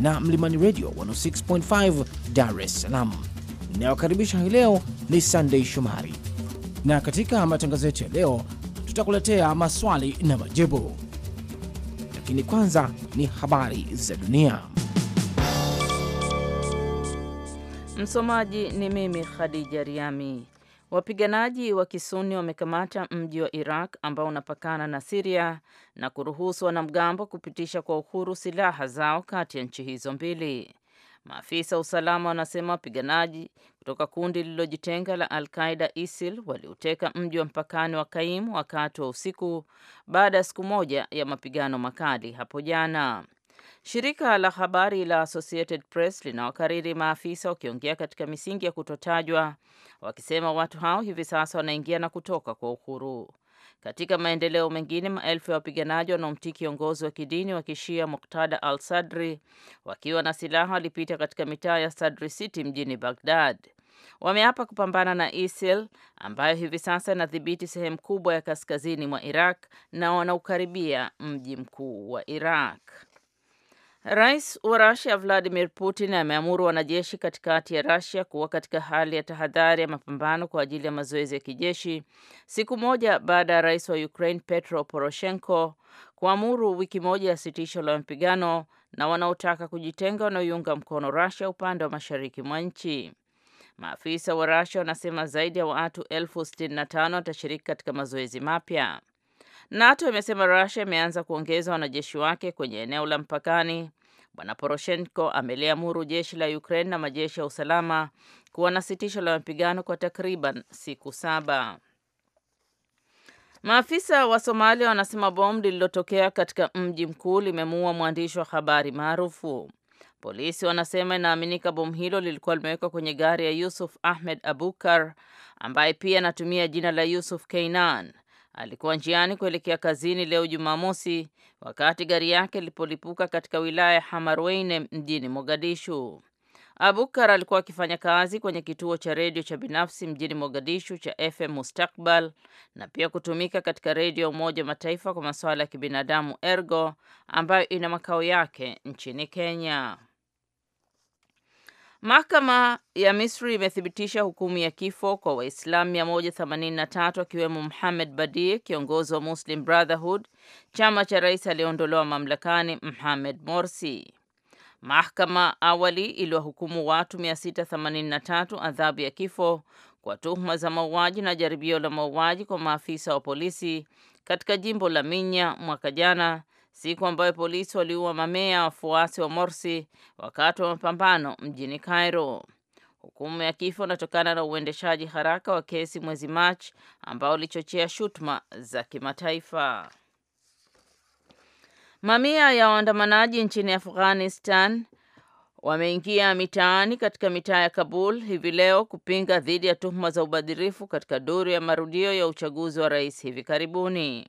na Mlimani Radio 106.5 Dar es Salaam. Inayokaribisha hii leo ni Sunday Shomari, na katika matangazo yetu ya leo tutakuletea maswali na majibu, lakini kwanza ni habari za dunia. Msomaji ni mimi Khadija Riami. Wapiganaji wa Kisuni wamekamata mji wa Iraq ambao unapakana na Siria na kuruhusu wanamgambo kupitisha kwa uhuru silaha zao kati ya nchi hizo mbili. Maafisa wa usalama wanasema wapiganaji kutoka kundi lililojitenga la Al-Qaida ISIL waliuteka mji wa mpakani wa kaim wakati wa usiku baada ya siku moja ya mapigano makali hapo jana. Shirika la habari la Associated Press linawakariri maafisa wakiongea katika misingi ya kutotajwa, wakisema watu hao hivi sasa wanaingia na kutoka kwa uhuru. Katika maendeleo mengine, maelfu ya wapiganaji wanaomtii kiongozi wa kidini wa kishia Muktada al Sadri wakiwa na silaha walipita katika mitaa ya Sadri City mjini Baghdad. Wameapa kupambana na ISIL ambayo hivi sasa inadhibiti sehemu kubwa ya kaskazini mwa Iraq na wanaukaribia mji mkuu wa Iraq. Rais wa Rasia Vladimir Putin ameamuru wanajeshi katikati ya Rasia kuwa katika hali ya tahadhari ya mapambano kwa ajili ya mazoezi ya kijeshi, siku moja baada ya rais wa Ukraine Petro Poroshenko kuamuru wiki moja ya sitisho la mapigano na wanaotaka kujitenga wanaoiunga mkono rusia upande wa mashariki mwa nchi. Maafisa wa Rasia wanasema zaidi ya watu elfu sitini na tano watashiriki katika mazoezi mapya. NATO imesema Rasia imeanza kuongeza wanajeshi wake kwenye eneo la mpakani Bwana Poroshenko ameliamuru jeshi la Ukraine na majeshi ya usalama kuwa na sitisho la mapigano kwa takriban siku saba. Maafisa wa Somalia wanasema bomu lililotokea katika mji mkuu limemuua mwandishi wa habari maarufu. Polisi wanasema inaaminika bomu hilo lilikuwa limewekwa kwenye gari ya Yusuf Ahmed Abukar ambaye pia anatumia jina la Yusuf Keinan. Alikuwa njiani kuelekea kazini leo Jumamosi wakati gari yake ilipolipuka katika wilaya ya Hamarweine mjini Mogadishu. Abukar alikuwa akifanya kazi kwenye kituo cha redio cha binafsi mjini Mogadishu cha FM Mustakbal na pia kutumika katika redio ya Umoja wa Mataifa kwa masuala ya kibinadamu Ergo ambayo ina makao yake nchini Kenya. Mahakama ya Misri imethibitisha hukumu ya kifo kwa Waislamu 183 akiwemo Muhamed Badi, kiongozi wa Muslim Brotherhood, chama cha rais aliyeondolewa mamlakani Mohamed Morsi. Mahakama awali iliwahukumu watu 683 adhabu ya kifo kwa tuhuma za mauaji na jaribio la mauaji kwa maafisa wa polisi katika jimbo la Minya mwaka jana siku ambayo polisi waliua mamea wafuasi wa Morsi wakati wa mapambano mjini Cairo. Hukumu ya kifo inatokana na uendeshaji haraka wa kesi mwezi Machi ambao ulichochea shutuma za kimataifa. Mamia ya waandamanaji nchini Afghanistan wameingia mitaani katika mitaa ya Kabul hivi leo kupinga dhidi ya tuhuma za ubadhirifu katika duru ya marudio ya uchaguzi wa rais hivi karibuni.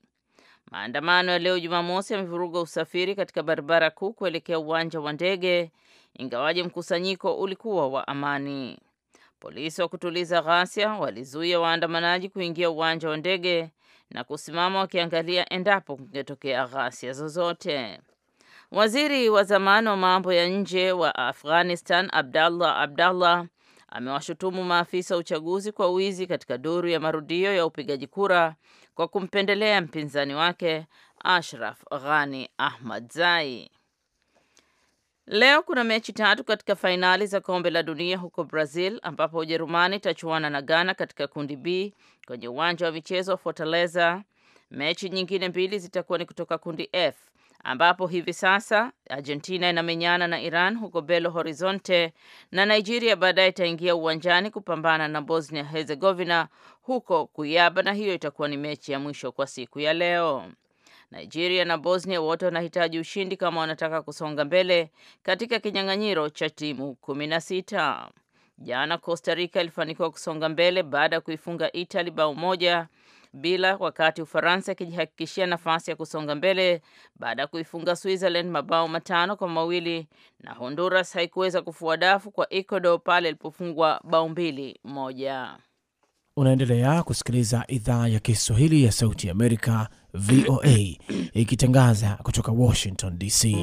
Maandamano ya leo Jumamosi yamevuruga usafiri katika barabara kuu kuelekea uwanja wa ndege, ingawaje mkusanyiko ulikuwa wa amani. Polisi wa kutuliza ghasia walizuia waandamanaji kuingia uwanja wa ndege na kusimama wakiangalia endapo kungetokea ghasia zozote. Waziri wa zamani wa mambo ya nje wa Afghanistan Abdallah Abdallah amewashutumu maafisa uchaguzi kwa wizi katika duru ya marudio ya upigaji kura kwa kumpendelea mpinzani wake Ashraf Ghani Ahmadzai. Leo kuna mechi tatu katika fainali za kombe la dunia huko Brazil, ambapo Ujerumani itachuana na Ghana katika kundi B kwenye uwanja wa michezo wa Fortaleza. Mechi nyingine mbili zitakuwa ni kutoka kundi F ambapo hivi sasa Argentina inamenyana na Iran huko Belo Horizonte na Nigeria baadaye itaingia uwanjani kupambana na Bosnia Herzegovina huko Kuyaba, na hiyo itakuwa ni mechi ya mwisho kwa siku ya leo. Nigeria na Bosnia wote wanahitaji ushindi kama wanataka kusonga mbele katika kinyang'anyiro cha timu kumi na sita. Jana Costa Rica ilifanikiwa kusonga mbele baada ya kuifunga Italy bao moja bila, wakati Ufaransa ikijihakikishia nafasi ya kusonga mbele baada ya kuifunga Switzerland mabao matano kwa mawili na Honduras haikuweza kufua dafu kwa Ecuador pale ilipofungwa bao mbili moja. Unaendelea kusikiliza idhaa ya Kiswahili ya Sauti ya Amerika, VOA, ikitangaza kutoka Washington DC.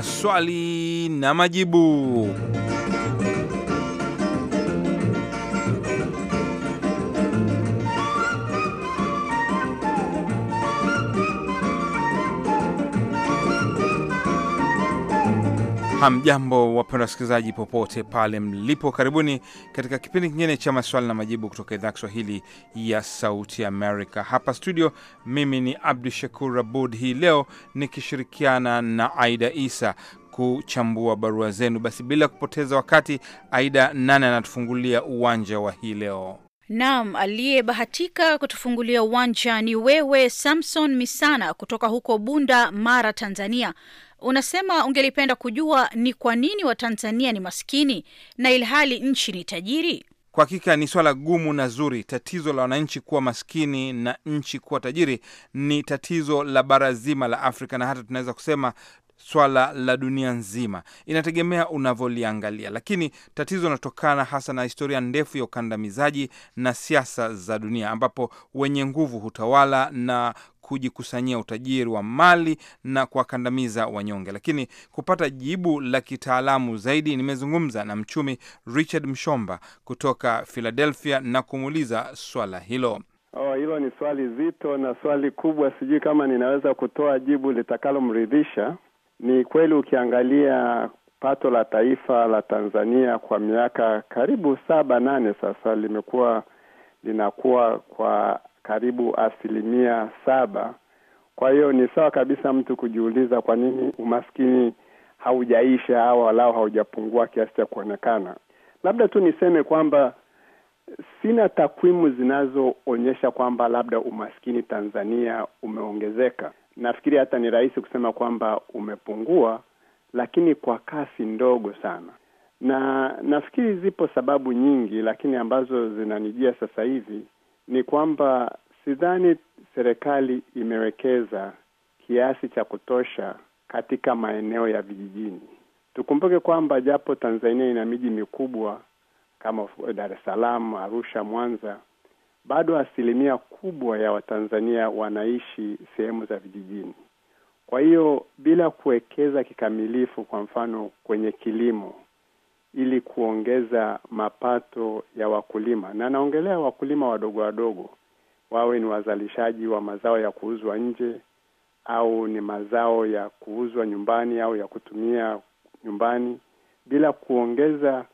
maswali na majibu. Hamjambo, wapenda wasikilizaji popote pale mlipo, karibuni katika kipindi kingine cha maswali na majibu kutoka idhaa ya Kiswahili ya Sauti Amerika hapa studio. Mimi ni Abdu Shakur Abud, hii leo nikishirikiana na Aida Isa kuchambua barua zenu. Basi bila kupoteza wakati, Aida, nane anatufungulia uwanja wa hii leo? Naam, aliyebahatika kutufungulia uwanja ni wewe Samson Misana kutoka huko Bunda, Mara, Tanzania. Unasema ungelipenda kujua ni kwa nini Watanzania ni maskini na ilhali nchi ni tajiri. Kwa hakika ni swala gumu na zuri. Tatizo la wananchi kuwa maskini na nchi kuwa tajiri ni tatizo la bara zima la Afrika, na hata tunaweza kusema swala la dunia nzima, inategemea unavyoliangalia. Lakini tatizo linatokana hasa na historia ndefu ya ukandamizaji na siasa za dunia, ambapo wenye nguvu hutawala na kujikusanyia utajiri wa mali na kuwakandamiza wanyonge. Lakini kupata jibu la kitaalamu zaidi, nimezungumza na mchumi Richard Mshomba kutoka Philadelphia na kumuuliza swala hilo. Oh, hilo ni swali zito na swali kubwa. Sijui kama ninaweza kutoa jibu litakalomridhisha. Ni kweli ukiangalia pato la taifa la Tanzania kwa miaka karibu saba nane sasa limekuwa linakuwa kwa karibu asilimia saba. Kwa hiyo ni sawa kabisa mtu kujiuliza kwa nini umaskini haujaisha au walau haujapungua kiasi cha kuonekana. Labda tu niseme kwamba sina takwimu zinazoonyesha kwamba labda umaskini Tanzania umeongezeka. Nafikiri hata ni rahisi kusema kwamba umepungua, lakini kwa kasi ndogo sana, na nafikiri zipo sababu nyingi, lakini ambazo zinanijia sasa hivi ni kwamba sidhani serikali imewekeza kiasi cha kutosha katika maeneo ya vijijini. Tukumbuke kwamba japo Tanzania ina miji mikubwa kama Dar es Salaam, Arusha, Mwanza, bado asilimia kubwa ya Watanzania wanaishi sehemu za vijijini. Kwa hiyo bila kuwekeza kikamilifu, kwa mfano kwenye kilimo, ili kuongeza mapato ya wakulima, na naongelea wakulima wadogo wadogo, wawe ni wazalishaji wa mazao ya kuuzwa nje au ni mazao ya kuuzwa nyumbani au ya kutumia nyumbani, bila kuongeza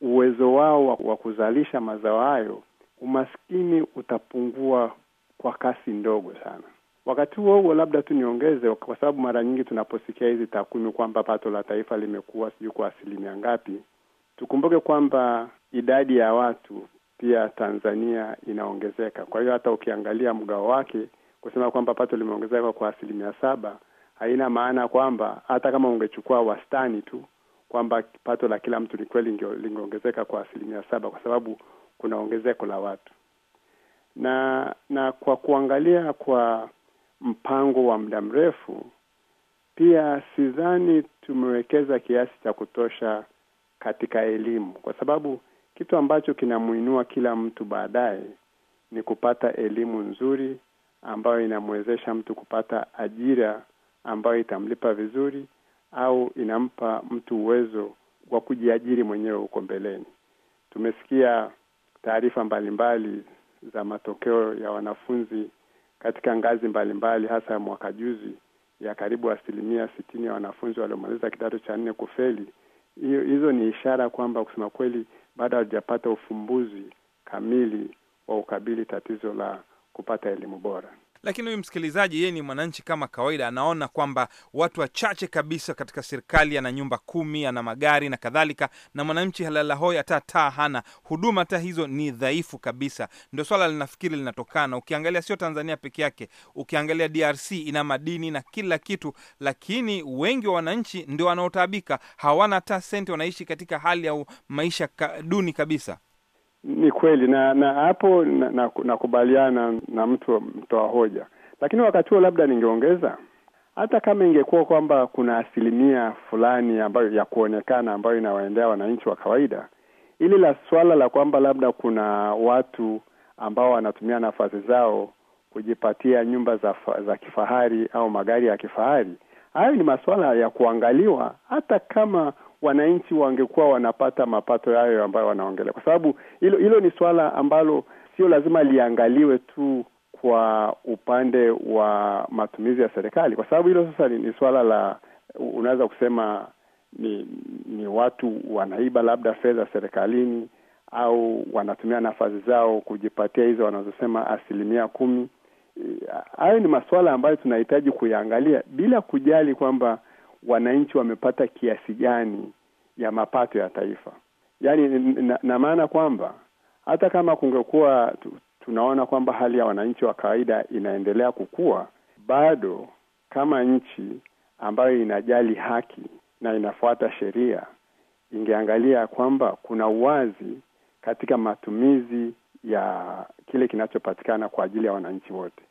uwezo wao wa kuzalisha mazao hayo, umaskini utapungua kwa kasi ndogo sana. Wakati huo huo, labda tu niongeze, kwa sababu mara nyingi tunaposikia hizi takwimu kwamba pato la taifa limekuwa sijui kwa asilimia ngapi, tukumbuke kwamba idadi ya watu pia Tanzania inaongezeka. Kwa hiyo hata ukiangalia mgao wake kusema kwamba pato limeongezeka kwa asilimia saba haina maana kwamba hata kama ungechukua wastani tu kwamba pato la kila mtu ni kweli lingeongezeka kwa asilimia saba kwa sababu kuna ongezeko la watu na na kwa kuangalia kwa mpango wa muda mrefu pia sidhani tumewekeza kiasi cha kutosha katika elimu, kwa sababu kitu ambacho kinamuinua kila mtu baadaye ni kupata elimu nzuri ambayo inamwezesha mtu kupata ajira ambayo itamlipa vizuri au inampa mtu uwezo wa kujiajiri mwenyewe huko mbeleni. Tumesikia taarifa mbalimbali za matokeo ya wanafunzi katika ngazi mbalimbali, hasa ya mwaka juzi ya karibu asilimia sitini ya wanafunzi waliomaliza kidato cha nne kufeli. hizo ni ishara kwamba kusema kweli bado hawajapata ufumbuzi kamili wa ukabili tatizo la kupata elimu bora. Lakini huyu msikilizaji, yeye ni mwananchi kama kawaida, anaona kwamba watu wachache kabisa katika serikali, ana nyumba kumi, ana magari na kadhalika, na mwananchi halalahoi hata taa hana, huduma hata hizo ni dhaifu kabisa. Ndio swala linafikiri linatokana, ukiangalia sio Tanzania peke yake, ukiangalia DRC ina madini na kila kitu, lakini wengi wa wananchi ndio wanaotaabika, hawana hata senti, wanaishi katika hali ya maisha duni kabisa. Ni kweli na na hapo nakubaliana na, na, na mtu mtoa hoja, lakini wakati huo labda ningeongeza hata kama ingekuwa kwamba kuna asilimia fulani ambayo ya kuonekana ambayo inawaendea wananchi wa kawaida, ili la swala la kwamba labda kuna watu ambao wanatumia nafasi zao kujipatia nyumba za, za kifahari au magari ya kifahari, hayo ni masuala ya kuangaliwa, hata kama wananchi wangekuwa wanapata mapato yayo ambayo wanaongelea, kwa sababu hilo hilo ni suala ambalo sio lazima liangaliwe tu kwa upande wa matumizi ya serikali, kwa sababu hilo sasa ni, ni suala la unaweza kusema ni ni watu wanaiba labda fedha serikalini au wanatumia nafasi zao kujipatia hizo wanazosema asilimia kumi. Hayo ni masuala ambayo tunahitaji kuyaangalia bila kujali kwamba wananchi wamepata kiasi gani ya mapato ya taifa, yaani na, na maana kwamba hata kama kungekuwa tu, tunaona kwamba hali ya wananchi wa kawaida inaendelea kukua, bado kama nchi ambayo inajali haki na inafuata sheria ingeangalia kwamba kuna uwazi katika matumizi ya kile kinachopatikana kwa ajili ya wananchi wote.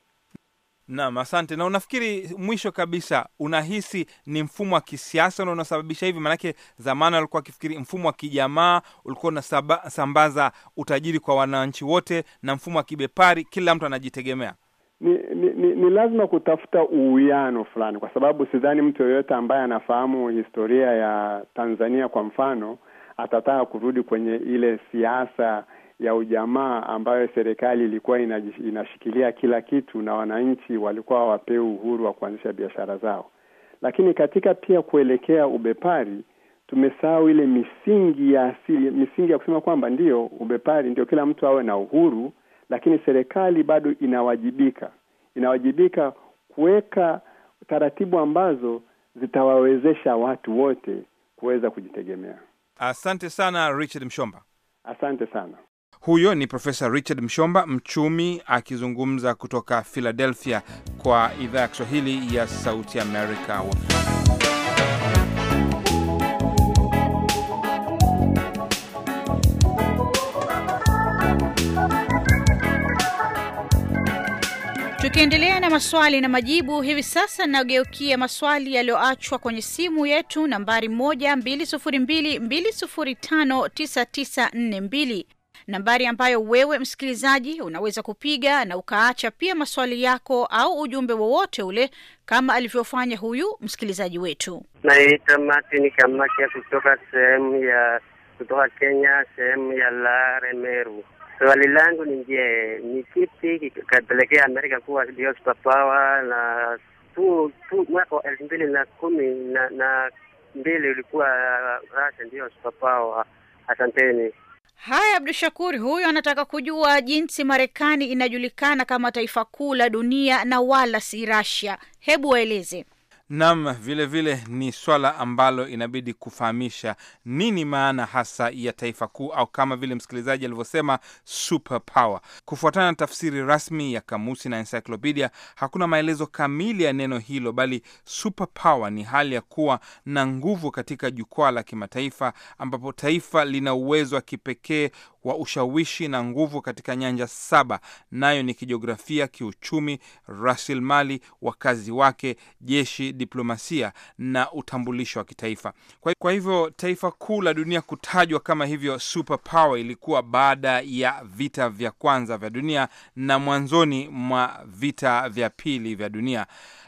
Naam, asante. Na unafikiri mwisho kabisa, unahisi ni mfumo wa kisiasa na unasababisha hivi? Maanake zamani walikuwa wakifikiri mfumo wa kijamaa ulikuwa unasambaza utajiri kwa wananchi wote, na mfumo wa kibepari, kila mtu anajitegemea. Ni, ni, ni, ni lazima kutafuta uwiano fulani, kwa sababu sidhani mtu yoyote ambaye anafahamu historia ya Tanzania kwa mfano atataka kurudi kwenye ile siasa ya ujamaa ambayo serikali ilikuwa inashikilia kila kitu na wananchi walikuwa wapewe uhuru wa kuanzisha biashara zao. Lakini katika pia kuelekea ubepari tumesahau ile misingi ya asili, misingi ya kusema kwamba ndiyo ubepari, ndio kila mtu awe na uhuru, lakini serikali bado inawajibika, inawajibika kuweka taratibu ambazo zitawawezesha watu wote kuweza kujitegemea. Asante sana Richard Mshomba. Asante sana. Huyo ni Profesa Richard Mshomba, mchumi akizungumza kutoka Philadelphia kwa idhaa ya Kiswahili ya Sauti Amerika. Tukiendelea na maswali na majibu hivi sasa, nageukia maswali yaliyoachwa kwenye simu yetu nambari 12022059942 nambari ambayo wewe msikilizaji unaweza kupiga na ukaacha pia maswali yako au ujumbe wowote ule, kama alivyofanya huyu msikilizaji wetu. Naitwa Martin Kamakia kutoka sehemu ya kutoka Kenya, sehemu ya Lare Meru. Swali langu ni je, ni kipi kikapelekea Amerika kuwa ndio superpower? Na tu tu mwaka wa elfu mbili na kumi na na mbili ulikuwa rasha ndio superpower. Asanteni. Haya, Abdu Shakur, huyu anataka kujua jinsi Marekani inajulikana kama taifa kuu la dunia na wala si Rasia. Hebu waeleze. Naam, vile vile ni swala ambalo inabidi kufahamisha nini maana hasa ya taifa kuu, au kama vile msikilizaji alivyosema super Kufuatana na tafsiri rasmi ya kamusi na encyclopedia, hakuna maelezo kamili ya neno hilo, bali super ni hali ya kuwa na nguvu katika jukwaa la kimataifa, ambapo taifa lina uwezo wa kipekee wa ushawishi na nguvu katika nyanja saba, nayo ni kijiografia, kiuchumi, rasilimali, wakazi wake, jeshi, diplomasia na utambulisho wa kitaifa. Kwa hivyo taifa kuu la dunia kutajwa kama hivyo ilikuwa baada ya vita vya kwanza vya dunia na mwanzoni mwa vita vya pili vya dunia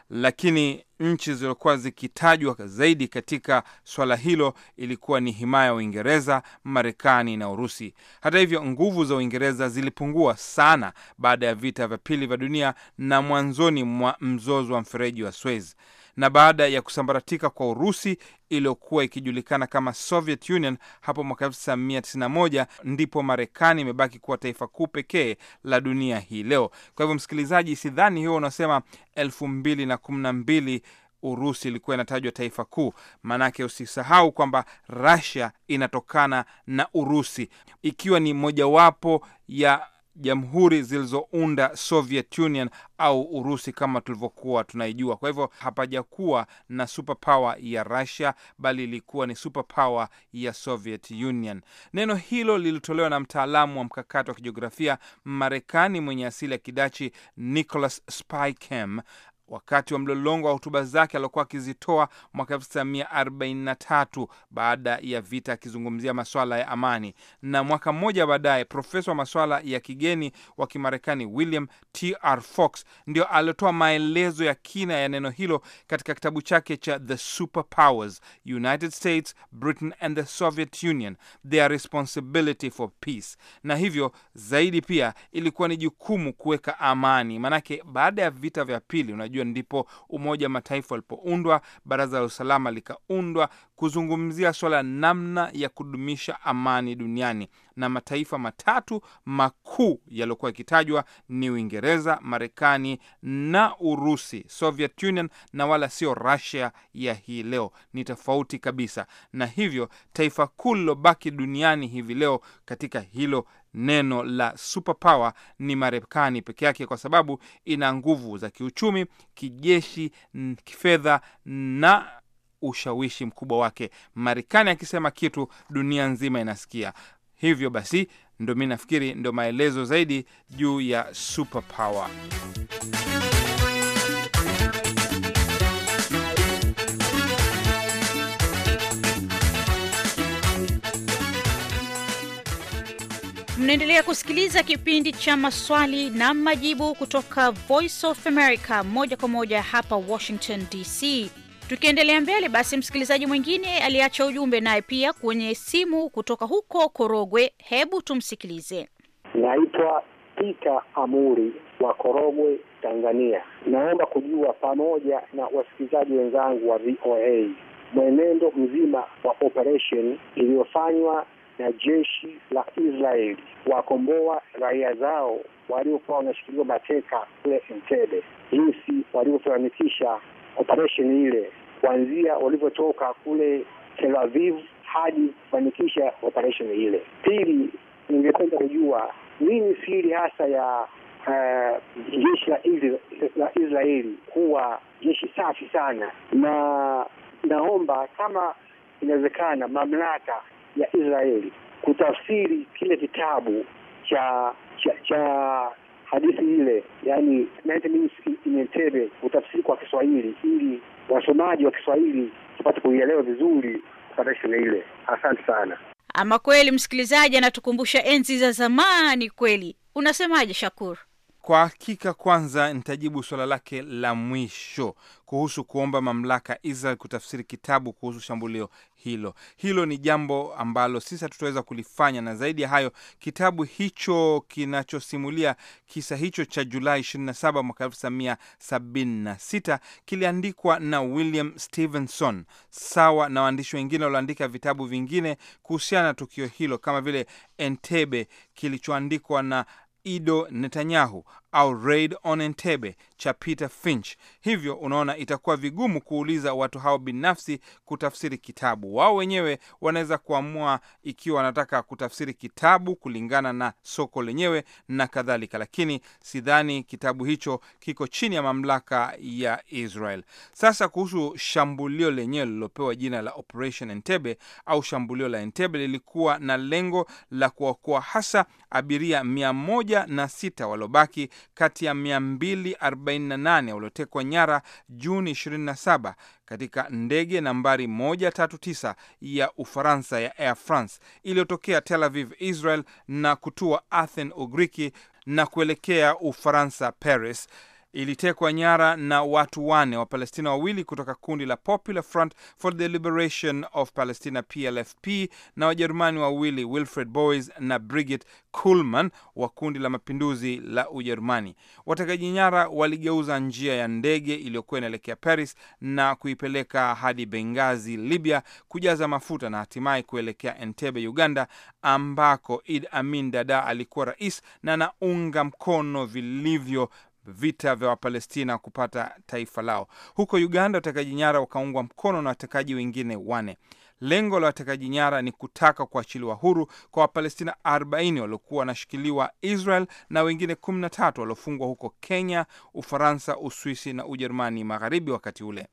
lakini nchi zilizokuwa zikitajwa zaidi katika swala hilo ilikuwa ni himaya ya Uingereza, Marekani na Urusi. Hata hivyo, nguvu za Uingereza zilipungua sana baada ya vita vya pili vya dunia na mwanzoni mwa mzozo wa mfereji wa Suez na baada ya kusambaratika kwa Urusi iliyokuwa ikijulikana kama Soviet Union hapo mwaka 1991 ndipo Marekani imebaki kuwa taifa kuu pekee la dunia hii leo. Kwa hivyo, msikilizaji, sidhani hiyo unasema elfu mbili na kumi na mbili Urusi ilikuwa inatajwa taifa kuu. Maanake usisahau kwamba Russia inatokana na Urusi, ikiwa ni mojawapo ya jamhuri zilizounda Soviet Union au Urusi kama tulivyokuwa tunaijua. Kwa hivyo hapajakuwa na superpower ya Russia, bali ilikuwa ni superpower ya Soviet Union. Neno hilo lilitolewa na mtaalamu wa mkakati wa kijiografia Marekani mwenye asili ya Kidachi Nicholas Spickham wakati wa mlolongo wa hotuba zake aliokuwa akizitoa mwaka 1943 baada ya vita, akizungumzia maswala ya amani. Na mwaka mmoja baadaye, profesa wa maswala ya kigeni wa Kimarekani William tr Fox ndio aliotoa maelezo ya kina ya neno hilo katika kitabu chake cha The Superpowers United States, Britain and the Soviet Union, Their Responsibility for Peace. Na hivyo zaidi pia ilikuwa ni jukumu kuweka amani, maanake baada ya vita vya pili, unajua hiyo ndipo Umoja wa Mataifa ulipoundwa, Baraza la Usalama likaundwa kuzungumzia swala namna ya kudumisha amani duniani, na mataifa matatu makuu yaliyokuwa yakitajwa ni Uingereza, Marekani na Urusi, Soviet Union, na wala sio Russia ya hii leo, ni tofauti kabisa. Na hivyo taifa kuu lilobaki duniani hivi leo katika hilo neno la superpower ni Marekani peke yake, kwa sababu ina nguvu za kiuchumi, kijeshi, kifedha na ushawishi mkubwa wake. Marekani akisema kitu, dunia nzima inasikia. Hivyo basi, ndo mi nafikiri ndo maelezo zaidi juu ya superpower. Mnaendelea kusikiliza kipindi cha maswali na majibu kutoka Voice of America moja kwa moja hapa Washington DC. Tukiendelea mbele basi, msikilizaji mwingine aliacha ujumbe naye pia kwenye simu kutoka huko Korogwe. Hebu tumsikilize. Naitwa Pita Amuri wa Korogwe, Tanzania. Naomba kujua pamoja na wasikilizaji wenzangu wa VOA mwenendo mzima wa operesheni iliyofanywa na jeshi la Israeli wakomboa raia zao waliokuwa wanashikiliwa mateka kule Entebbe, jinsi walivyofanikisha operesheni ile kuanzia walivyotoka kule Tel Aviv hadi kufanikisha operesheni ile. Pili, ningependa kujua nini siri hasa ya uh, jeshi la Israeli, la Israeli kuwa jeshi safi sana, na naomba kama inawezekana mamlaka ya Israeli kutafsiri kile kitabu cha cha, cha hadithi ile, yani Entebbe, kutafsiri kwa Kiswahili ili wasomaji wa Kiswahili tupate kuielewa vizuri kupata shule ile. Asante sana. Ama kweli, msikilizaji anatukumbusha enzi za zamani. Kweli unasemaje, Shakuru? Kwa hakika, kwanza nitajibu suala lake la mwisho kuhusu kuomba mamlaka Israel kutafsiri kitabu kuhusu shambulio hilo. Hilo ni jambo ambalo sisi hatutaweza kulifanya, na zaidi ya hayo, kitabu hicho kinachosimulia kisa hicho cha Julai 27 mwaka 1976 kiliandikwa na William Stevenson, sawa na waandishi wengine walioandika vitabu vingine kuhusiana na tukio hilo, kama vile Entebbe kilichoandikwa na Ido Netanyahu au Raid on Entebbe cha Peter Finch. Hivyo unaona itakuwa vigumu kuuliza watu hao binafsi kutafsiri kitabu. Wao wenyewe wanaweza kuamua ikiwa wanataka kutafsiri kitabu kulingana na soko lenyewe na kadhalika, lakini sidhani kitabu hicho kiko chini ya mamlaka ya Israel. Sasa kuhusu shambulio lenyewe lililopewa jina la Operation Entebbe au shambulio la Entebbe, lilikuwa na lengo la kuokoa hasa abiria 106 waliobaki kati ya 248 waliotekwa nyara Juni 27 katika ndege nambari 139 ya Ufaransa ya Air France iliyotokea Tel Aviv, Israel na kutua Athens, Ugiriki na kuelekea Ufaransa, Paris ilitekwa nyara na watu wane wa palestina wawili kutoka kundi la Popular Front for the Liberation of Palestina PLFP na Wajerumani wawili Wilfred Boys na Brigitte Kuhlmann wa kundi la mapinduzi la Ujerumani. Watekaji nyara waligeuza njia ya ndege iliyokuwa inaelekea Paris na kuipeleka hadi Bengazi, Libya, kujaza mafuta na hatimaye kuelekea Entebbe, Uganda, ambako Idi Amin Dada alikuwa rais na anaunga mkono vilivyo vita vya Wapalestina kupata taifa lao. Huko Uganda, watekaji nyara wakaungwa mkono na watekaji wengine wane. Lengo la watekaji nyara ni kutaka kuachiliwa huru kwa Wapalestina 40 waliokuwa wanashikiliwa Israel na wengine 13 waliofungwa huko Kenya, Ufaransa, Uswisi na Ujerumani Magharibi wakati ule.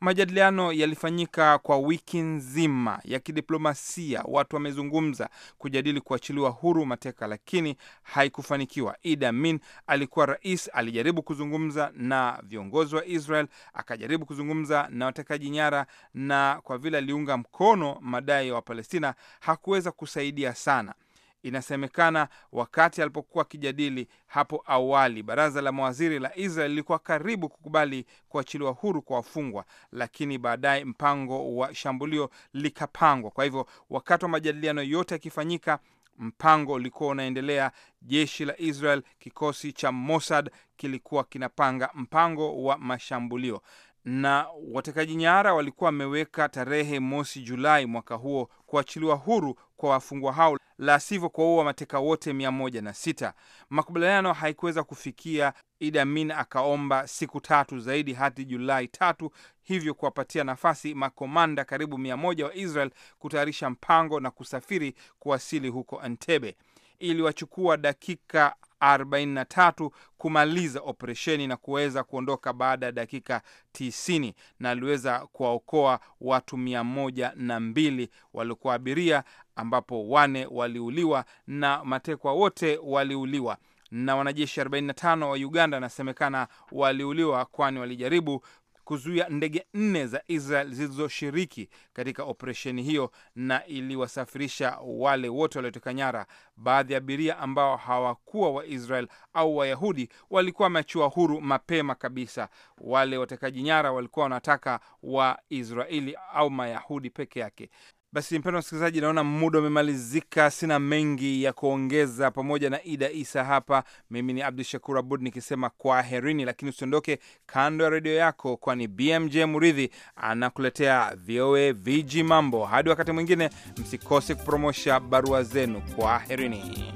Majadiliano yalifanyika kwa wiki nzima ya kidiplomasia, watu wamezungumza kujadili kuachiliwa huru mateka, lakini haikufanikiwa. Idi Amin alikuwa rais, alijaribu kuzungumza na viongozi wa Israel, akajaribu kuzungumza na watekaji nyara, na kwa vile aliunga mkono madai ya Wapalestina hakuweza kusaidia sana. Inasemekana wakati alipokuwa akijadili hapo awali, baraza la mawaziri la Israel lilikuwa karibu kukubali kuachiliwa huru kwa wafungwa, lakini baadaye mpango wa shambulio likapangwa. Kwa hivyo, wakati wa majadiliano yote yakifanyika, mpango ulikuwa unaendelea. Jeshi la Israel, kikosi cha Mossad kilikuwa kinapanga mpango wa mashambulio na watekaji nyara walikuwa wameweka tarehe mosi Julai mwaka huo kuachiliwa huru kwa wafungwa hao, la sivyo kuwaua mateka wote mia moja na sita. Makubaliano haikuweza kufikia. Idi Amin akaomba siku tatu zaidi hadi Julai tatu, hivyo kuwapatia nafasi makomanda karibu mia moja wa Israel kutayarisha mpango na kusafiri kuwasili huko Entebbe iliwachukua dakika 43 kumaliza operesheni na kuweza kuondoka baada ya dakika 90, na aliweza kuwaokoa watu mia moja na mbili waliokuwa abiria, ambapo wane waliuliwa na matekwa wote waliuliwa na wanajeshi 45 wa Uganda anasemekana waliuliwa, kwani walijaribu kuzuia ndege nne za Israel zilizoshiriki katika operesheni hiyo, na iliwasafirisha wale wote walioteka nyara. Baadhi ya abiria ambao hawakuwa waisrael au Wayahudi walikuwa wameachiwa huru mapema kabisa. Wale watekaji nyara walikuwa wanataka Waisraeli au Mayahudi peke yake. Basi mpendwa msikilizaji, naona muda umemalizika, sina mengi ya kuongeza. Pamoja na Ida Isa hapa, mimi ni Abdu Shakur Abud nikisema kwa herini lakini usiondoke kando ya redio yako, kwani BMJ Muridhi anakuletea VOA Viji Mambo. Hadi wakati mwingine, msikose kupromosha barua zenu. kwa herini.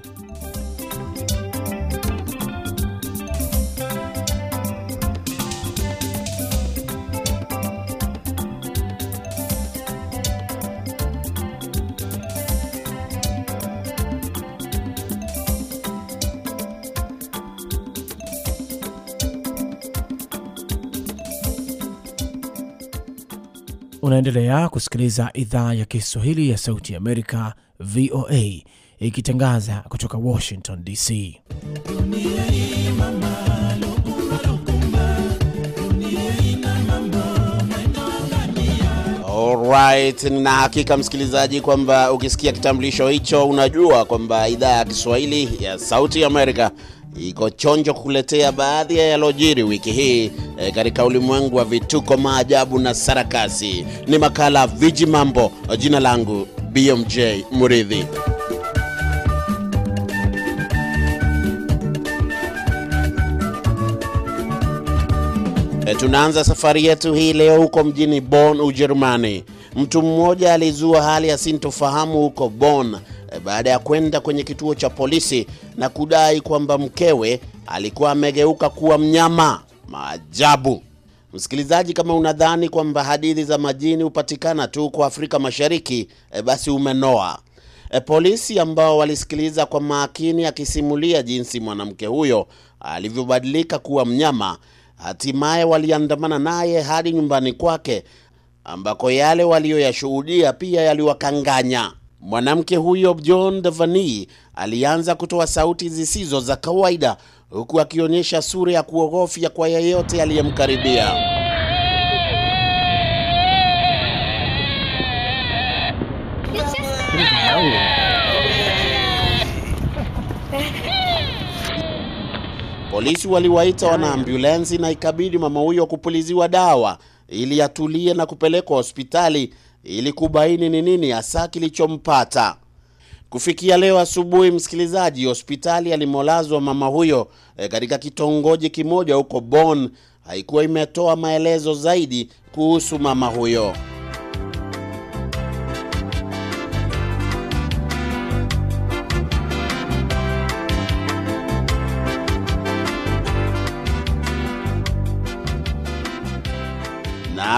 Unaendelea kusikiliza idhaa ya Kiswahili ya Sauti Amerika, VOA, ikitangaza kutoka Washington DC. Right. nina hakika msikilizaji, kwamba ukisikia kitambulisho hicho unajua kwamba idhaa ya Kiswahili ya Sauti Amerika iko chonjo kuletea baadhi ya yalojiri wiki hii e, katika ulimwengu wa vituko, maajabu na sarakasi. Ni makala Viji Mambo. Jina langu BMJ Muridhi. E, tunaanza safari yetu hii leo huko mjini Bonn, Ujerumani. Mtu mmoja alizua hali ya sintofahamu huko Bonn Eh, baada ya kwenda kwenye kituo cha polisi na kudai kwamba mkewe alikuwa amegeuka kuwa mnyama. Maajabu! Msikilizaji, kama unadhani kwamba hadithi za majini hupatikana tu kwa Afrika Mashariki, e, basi umenoa. E, polisi ambao walisikiliza kwa makini akisimulia jinsi mwanamke huyo alivyobadilika kuwa mnyama, hatimaye waliandamana naye hadi nyumbani kwake ambako yale waliyoyashuhudia pia yaliwakanganya. Mwanamke huyo John Davani alianza kutoa sauti zisizo za kawaida huku akionyesha sura ya kuogofya kwa yeyote aliyemkaribia. Polisi waliwaita wanaambulensi na ikabidi mama huyo kupuliziwa dawa ili atulie na kupelekwa hospitali ili kubaini ni nini hasa kilichompata. Kufikia leo asubuhi, msikilizaji, hospitali alimolazwa mama huyo e, katika kitongoji kimoja huko Bonn haikuwa imetoa maelezo zaidi kuhusu mama huyo.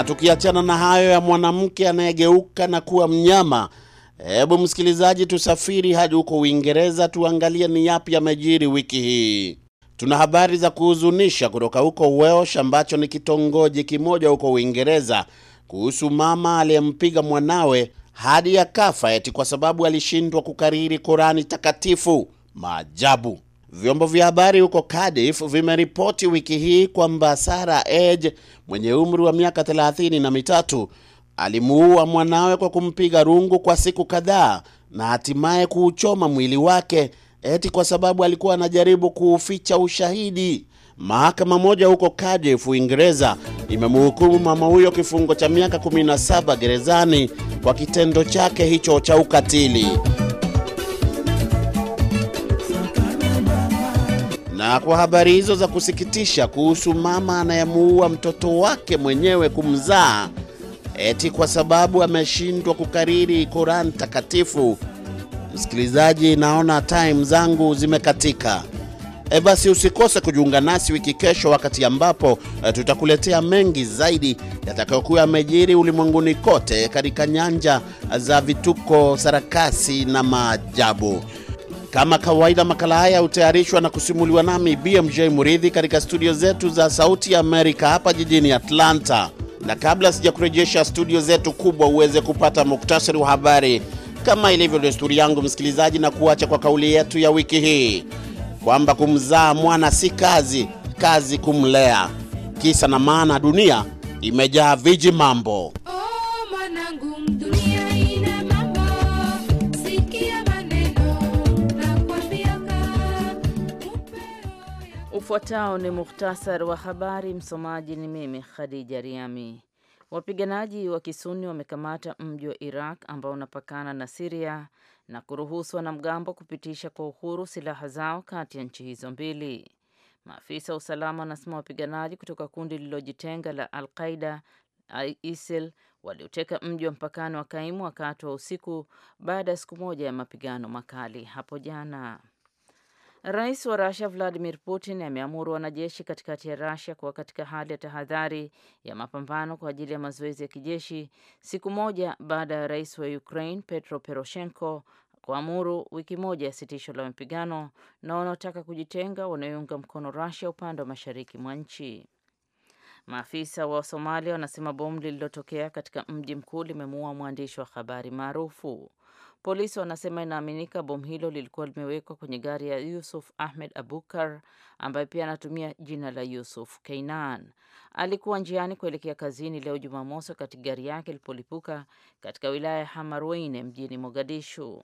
tukiachana na hayo ya mwanamke anayegeuka na kuwa mnyama, hebu msikilizaji, tusafiri hadi huko Uingereza tuangalie ni yapi yamejiri wiki hii. Tuna habari za kuhuzunisha kutoka huko Welsh ambacho ni kitongoji kimoja huko Uingereza kuhusu mama aliyempiga mwanawe hadi ya eti kwa sababu alishindwa kukariri Korani takatifu. Maajabu! Vyombo vya habari huko Cardiff vimeripoti wiki hii kwamba Sarah Edge mwenye umri wa miaka thelathini na mitatu alimuua mwanawe kwa kumpiga rungu kwa siku kadhaa na hatimaye kuuchoma mwili wake eti kwa sababu alikuwa anajaribu kuuficha ushahidi. Mahakama moja huko Cardiff, Uingereza imemhukumu mama huyo kifungo cha miaka 17 gerezani kwa kitendo chake hicho cha ukatili. Na kwa habari hizo za kusikitisha kuhusu mama anayemuua mtoto wake mwenyewe kumzaa eti kwa sababu ameshindwa kukariri Qur'an takatifu, msikilizaji, naona time zangu zimekatika. E, basi usikose kujiunga nasi wiki kesho, wakati ambapo e, tutakuletea mengi zaidi yatakayokuwa yamejiri ulimwenguni kote katika nyanja za vituko, sarakasi na maajabu. Kama kawaida, makala haya hutayarishwa na kusimuliwa nami BMJ Muridhi katika studio zetu za Sauti ya Amerika hapa jijini Atlanta, na kabla sijakurejesha studio zetu kubwa uweze kupata muktasari wa habari kama ilivyo desturi yangu, msikilizaji, na kuacha kwa kauli yetu ya wiki hii kwamba kumzaa mwana si kazi, kazi kumlea. Kisa na maana, dunia imejaa viji mambo. Oh, manangu, dunia. Ufuatao ni muhtasar wa habari. Msomaji ni mimi Khadija Riami. Wapiganaji wa Kisuni wamekamata mji wa Iraq ambao unapakana na Siria na kuruhusu wanamgambo kupitisha kwa uhuru silaha zao kati ya nchi hizo mbili. Maafisa wa usalama wanasema wapiganaji kutoka kundi lililojitenga la Al Qaida ISIL walioteka mji wa mpakani wa Kaimu wakati wa usiku baada ya siku moja ya mapigano makali hapo jana. Rais wa rasia Vladimir Putin ameamuru wanajeshi katikati ya rasia kuwa katika hali ya tahadhari ya mapambano kwa ajili ya mazoezi ya kijeshi siku moja baada ya rais wa Ukraine Petro Poroshenko kuamuru wiki moja ya sitisho la mapigano na wanaotaka kujitenga wanaoiunga mkono rasia upande wa mashariki mwa nchi. Maafisa wa Somalia wanasema bomu lililotokea katika mji mkuu limemuua mwandishi wa habari maarufu. Polisi wanasema inaaminika bomu hilo lilikuwa limewekwa kwenye gari ya Yusuf Ahmed Abukar ambaye pia anatumia jina la Yusuf Keinan. Alikuwa njiani kuelekea kazini leo Jumamosi wakati gari yake ilipolipuka katika wilaya ya Hamarweine mjini Mogadishu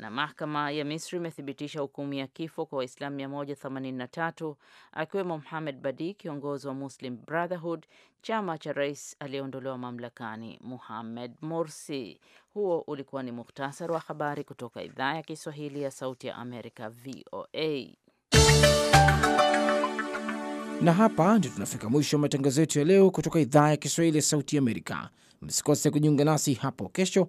na mahakama ya Misri imethibitisha hukumu ya kifo kwa Waislamu 183 akiwemo Muhamed Badi, kiongozi wa Muslim Brotherhood, chama cha rais aliyeondolewa mamlakani Muhamed Morsi. Huo ulikuwa ni muhtasari wa habari kutoka idhaa ya Kiswahili ya Sauti ya Amerika, VOA. Na hapa ndio tunafika mwisho wa matangazo yetu ya leo kutoka idhaa ya Kiswahili ya Sauti Amerika. Msikose kujiunga nasi hapo kesho